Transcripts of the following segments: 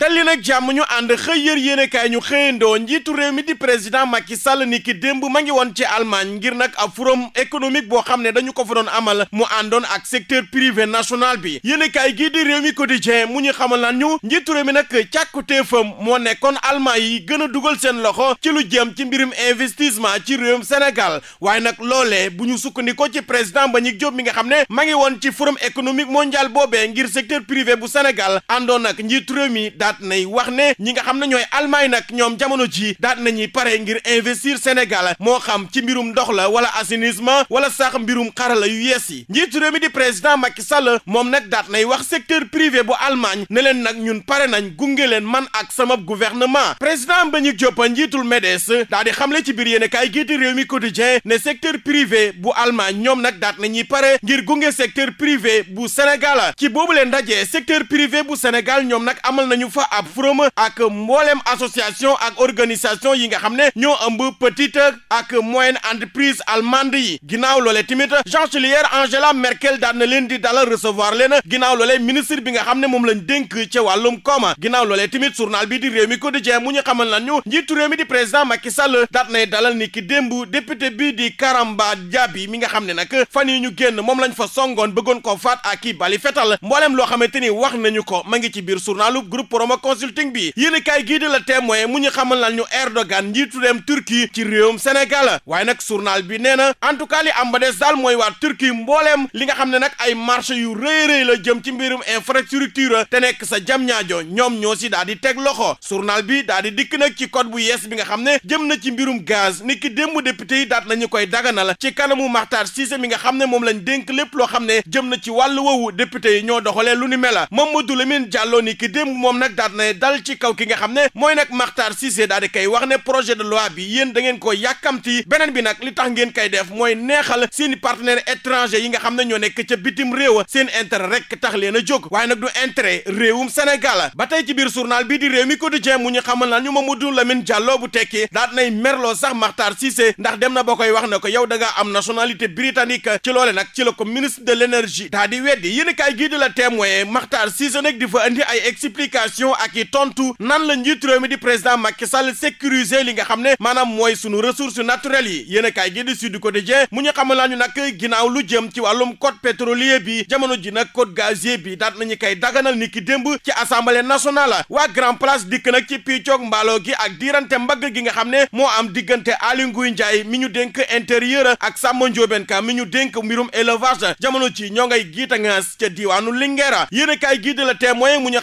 dalli nag jàmm ñu ànd xëy yër yéenekaay ñu xëyandoo njiitu réew mi di président Macky ki ni ki démb ma ngi woon ci Allemagne ngir nag a forum économique boo xam ne dañu ko fa amal mu àndoon ak secteur privé national bi yéenekaay gii di réew mi quotidien mu ñu xamal lan ñu njiitu réew mi nag càkkutéefam moo nekkoon allemand yi gën a dugal seen loxo ci lu jëm ci mbirum investissement ci réewum Sénégal waaye nag loole bu ñu sukkandikoo ci ba Mbagnick Diop mi nga xam ne ma ngi woon ci forum économique mondial boobee ngir secteur privé bu Sénégal àndoon nag njiitu réew daat nay wax ñi nga xam ne ñooy Allemagne nag ñoom jamono ji daat nañuy pare ngir investir Sénégal moo xam ci mbirum ndox la wala assainissement wala sax mbirum xarala yu yees yi njiitu réew mi di président Macky Sall moom nag daat nay wax secteur privé bu Allemagne ne leen nag ñun pare nañ gunge leen man ak sama gouvernement président Mbagnick Diop njiitul MEDES daa di xamle ci biir yéen kaay gii di réew mi quotidien ne secteur privé bu Allemagne ñoom nag daat nañuy pare ngir gunge secteur privé bu Sénégal ci boobu leen ndaje secteur privé bu Sénégal ñoom nag amal nañu fa ab forum ak mbooleem association ak organisation yi nga xam ne ñoo ëmb petite ak moyenne entreprise allemande yi ginnaaw loole tamit chancelière Angela Merkel daan na leen di dalal recevoir leen ginnaaw loole ministre bi nga xam ne moom lañ dénk ci wàllum koom ginnaaw loolee tamit journal bi di réew mi quotidien mu ñu xamal nañu njiitu réew mi di président Macky Sall daat nay dalal ni ki démb député bi di Karamba Diaby mi nga xam ne na fan ñu génn moom lañ fa songoon bëggoon koo faat ak kii bali fetal mbooleem ni wax nañu ko ma ngi ci biir journalu groupe Soma consulting bi yéen a kaay gii di la témoin mu ñu xamal lan ñu Erdogan njiitu dem Turquie ci réewum Sénégal waaye nag journal bi nee na en tout cas li am ba des mooy waa Turquie mbooleem li nga xam ne nag ay marché yu rëy la jëm ci mbirum infrastructure te nekk sa jam ñaajo ñoom ñoo si daal di teg loxo journal bi daal di dikk nag ci code bu yees bi nga xam ne jëm na ci mbirum gaz ni ki démb député yi daat nañu koy dagana daganal ci kanamu Makhtar Cissé mi nga xam ne moom lañ dénk lépp loo xam ne jëm na ci wàllu woowu député yi ñoo doxalee lu ni mel Mamadou Lamine Diallo ni ki démb moom nag daal na dal ci kaw ki nga xam ne mooy nag Makhtar Cissé daal di koy wax ne projet de loi bi yéen da ngeen ko yàkkamti beneen bi nag li tax ngeen koy def mooy neexal seen partenaire étranger yi nga xam ne ñoo nekk ca bitim réew seen intérêt rek tax leen jóg waaye nag du intérêt réewum Sénégal ba tey ci biir journal bi di réew mi quotidien mu ñu xamal naa ñu Mamadou Lamine Diallo bu tekki daal nay merloo sax Makhtar Cissé ndax dem na ba koy wax ne ko yow da a kaay gii di la témoin Makhtar Cissé nag di fa question ak i tontu nan la njiit di président Macky Sall sécuriser li nga xam ne ma maanaam mooy sunu ressource naturelle yi yéen a kaay gi di Sud Quotidien mu ñu xamal laa ñu nag ginnaaw lu jëm ci wàllum code pétrolier bi jamono ji nag code gazier bi daat nañu koy daganal ni ki démb ci assemblée nationale waa grand place dikk nag ci piccoog mbaaloo gi ak diirante mbagg gi nga xam ne moo am diggante Aly Ngouille Ndiaye mi ñu dénk intérieur ak Samba Ndiobène Ka mi ñu dénk mbirum élevage jamono ci ñoo ngay giita ngaas ca diiwaanu Linguère yéen a kaay gi di la témoin mu ñu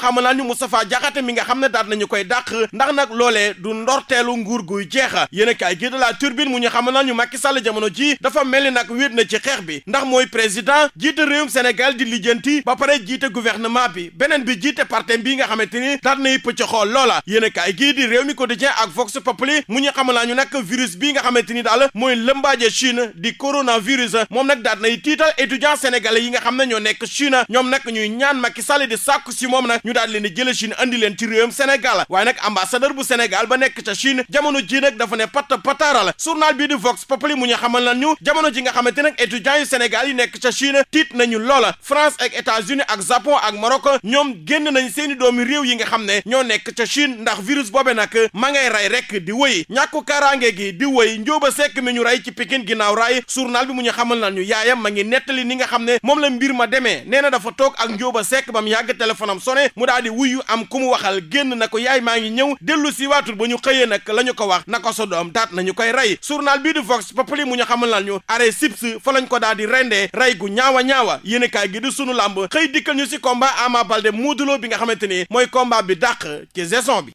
jaxate mi nga xam ne daat nañu koy dàq ndax nag loolee du ndorteelu nguur guy jeexa yéen a kaay gii de la turbine mu ñu xamal nañu Macky Sall jamono ji dafa mel ni nag wéet na ci xeex bi ndax mooy président jiite réewum Sénégal di lijjanti ba pare jiite gouvernement bi beneen bi jiite parti bi nga xamante ni daat na yëpp ci xool loola yéen a kaay gii di réew mi quotidien ak Vox Populi mu ñu xamal nañu nag virus bi nga xamante ni daal mooy lëmbaaje Chine di coronavirus moom nag daat nay tiital étudiant sénégalais yi nga xam ne ñoo nekk Chine ñoom nag ñuy ñaan Macky Sall di sàkku si moom nag ñu daal leen di jële Chine andi leen ci réewum Sénégal waaye nag ambassadeur bu Sénégal ba nekk ca Chine jamono ji nag dafa ne patt pataara bii di Vox Populi mu ñu xamal lan ñu jamono ji nga xamante nag étudiants yu Sénégal yi nekk ca Chine tiit nañu loola France ak états ak Japon ak Maroc ñoom génn nañ seeni doomi réew yi nga xam ne ñoo nekk ca Chine ndax virus boobe nag ma ngay rey rek di wëy ñàkku kaaraange gi di wëy njóoba sekk mi ñu rey ci Pikine ginnaaw raay journal bi mu ñu xamal lan ñu yaayam ma ngi nettali ni nga xam ne moom la mbir ma demee nee na dafa toog ak njóoba sekk ba mu yàgg téléphone am sone mu daal di am ku mu waxal génn na ko yaay maa ngi ñëw dellu si waatul ba ñu xëyee nag la ñu ko wax na ko sa doom daat nañu koy rey journal bii di Vox Populi mu ñu xamal nal ñu arrêt sips fa ko daal di rendee rey gu ñaawa ñaawa yéenekaay kaa di sunu làmb xëy dikkal ñu si combat Ama Baldé Modou Lô bi nga xamante ni mooy combat bi dàq ci saison bi